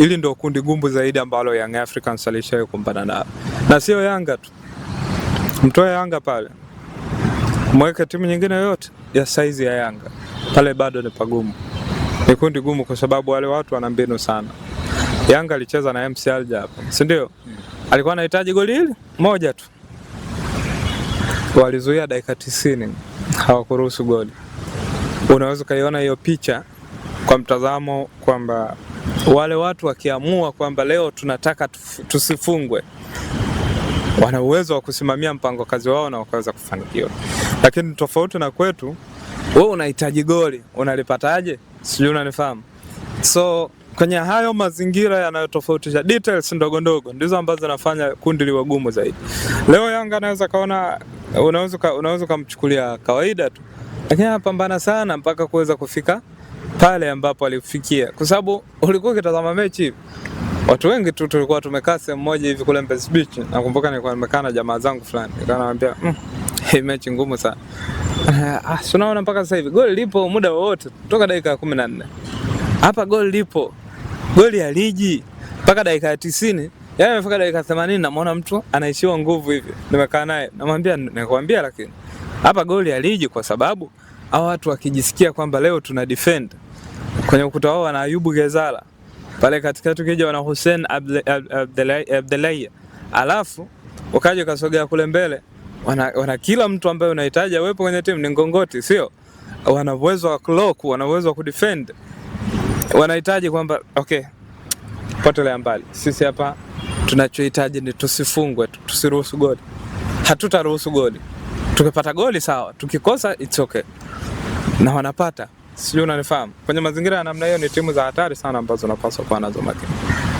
Hili ndio kundi gumu zaidi ambalo Young Africans alishawahi kumpana nalo, na sio Yanga tu. Mtoe Yanga pale, mweke timu nyingine yoyote ya saizi ya Yanga pale, bado ni pagumu. Ni kundi gumu kwa sababu wale watu wana mbinu sana. Yanga alicheza na MC Alger hapo, si ndio? Hmm. Alikuwa anahitaji goli hili moja tu, walizuia dakika 90, hawakuruhusu goli. Unaweza ukaiona hiyo picha kwa mtazamo kwamba wale watu wakiamua kwamba leo tunataka tusifungwe, wana uwezo wa kusimamia mpango kazi wao na wakaweza kufanikiwa. Lakini tofauti na kwetu, wewe unahitaji goli, unalipataje? Sijui, unanifahamu? So kwenye hayo mazingira yanayotofautisha, details ndogo ndogo ndizo ambazo zinafanya kundi liwe gumu zaidi. Leo Yanga anaweza kaona, unaweza unaweza ukamchukulia kawaida tu, lakini anapambana sana mpaka kuweza kufika pale ambapo alifikia, kwa sababu ulikuwa ukitazama mechi watu wengi tu tulikuwa tumekaa sehemu moja hivi kule Mbezi Beach. Nakumbuka nilikuwa nimekaa na jamaa zangu fulani, nikamwambia mm, hii mechi ngumu sana. Ah, tunaona mpaka sasa hivi goli lipo muda wowote toka dakika ya 14 hapa, goli lipo, goli haliji mpaka dakika ya 90. Yaani amefika dakika 80 namuona mtu anaishiwa nguvu hivi, nimekaa naye namwambia, nikwambia, lakini hapa goli haliji kwa sababu au watu wakijisikia kwamba leo tuna defend kwenye ukuta wao wana Ayubu Gezala pale katikati, ukija wana Hussein Abdelai, alafu ukaja ukasogea kule mbele wana, wana kila mtu ambaye unahitaji awepo kwenye timu ni ngongoti, sio? Wana uwezo wa clock, wana uwezo wa kudefend. Wanahitaji kwamba okay, potelea mbali, sisi hapa tunachohitaji ni tusifungwe, tusiruhusu goli, hatutaruhusu goli tukipata goli sawa, tukikosa it's okay. Na wanapata sijui, unanifahamu. Kwenye mazingira ya namna hiyo, ni timu za hatari sana ambazo unapaswa kuwa nazo makini.